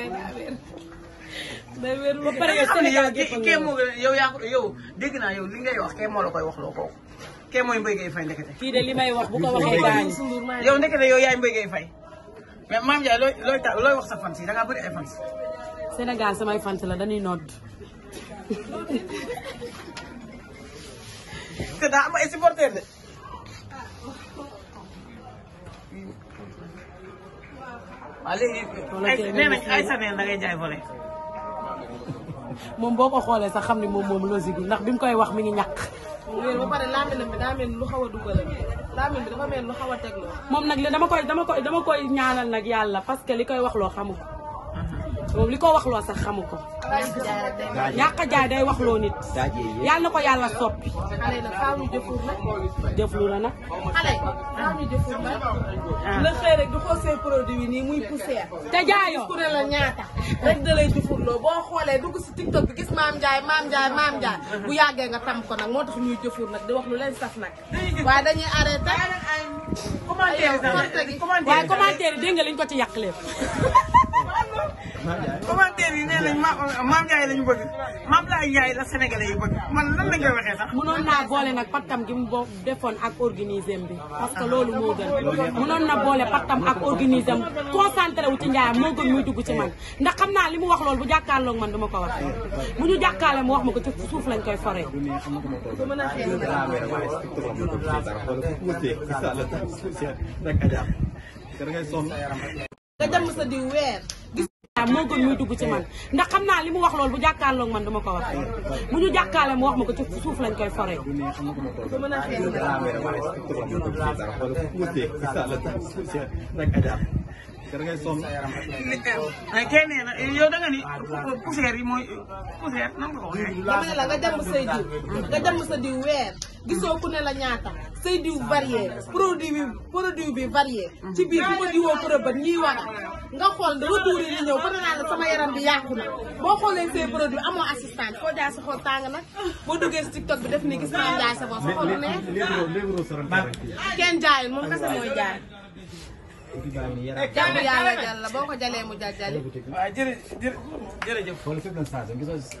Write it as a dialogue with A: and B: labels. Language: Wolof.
A: may daa wér day wér ba pare yow yaa ko yow dégg naa yow wax kee moo koy wax loo kooku kee mooy Mbaye ndekete. kii de li may wax bu ko waxee gaañu. yow ndekete yow yaay Mbaye Gueye Faye maam Ndiaye looy wax sa fans yi da ngaa bëri ay fans. Sénégal samay fans la dañuy nodd. te de. waaw léegi nee nañ ay moom boo ko xoolee sax xam ne moom moom logique bi ndax bi mu koy wax mi ngi ñàkk. moom ba pare laamelam bi daa lu xaw a dugalal laamel bi dafa mel lu xaw a tegloo. moom nag li dama koy dama koy dama koy ñaanal nag yàlla parce que li koy wax loo xamul. moom li ko wax loo sax xamu ko. ñàkk a jaay day wax loo nit. yàlla na ko yàlla soppi. jëflu la nag. Ah. la xëy rek du xosee produit nii muy poussière. te jaayoo ku ne la ñaata rek da lay jëfurloo boo xoolee dugg si tik bi gis maam Ndiaye maam Ndiaye maam Ndiaye. Uh-huh. bu yàggee nga tam ko nag moo tax ñuy jëfur nag di wax lu leen saf nag. waaye dañuy arrêté. commentaire yi commentaire yi waaye commentaire yi liñ ko ci yàq leen commentaire yi nee nañ Mame Ndiaye lañu bëgg Mame Ndiaye la Sénégalais yi bëgg man lan lañ koy waxee naa boole nag pattam gi mu bo defoon ak organisé bi parce que loolu moo gën mënoon na boole pattam ak organisé am concentré wu ci Ndiaye moo gën muy dugg ci man ndax xam naa li mu wax lool bu jàkkaarloog man dama ko wax bu ñu jàkkaarlee mu wax ma ko ci suuf lañ koy foree. da ngay sonn. nga dem sa diw weer. waxtaan moo gën muy dugg ci man ndax xam naa li mu wax lool bu jàkkaarloog man dama ko wax bu ñu jàkkaarloo mu wax ma ko ci suuf lañ koy foree dangay sonn. kay nee na yow danga ni poussière yi mooy poussière nan nga ko waxee. dama ne la nga dem sa diw nga sa diw weer. gisoo ku ne la ñaata say diw varié produit bi produit bi varié ci biir bu ko diwoo problème ñuy war a nga xool retour yi ñëw ba ne naa la sama yaram bi yàqu na boo xoolee say produit amoo assistante foo jaay sa xool tàng nag boo duggee si tiktok bi def ni gis naa jaay sa bopp sa xool neex kenn jaayul moom kese mooy jaay. jàmm yàlla jàll boo ko jalee mu jàll jàll. waaw jërëjëf jërëjëf.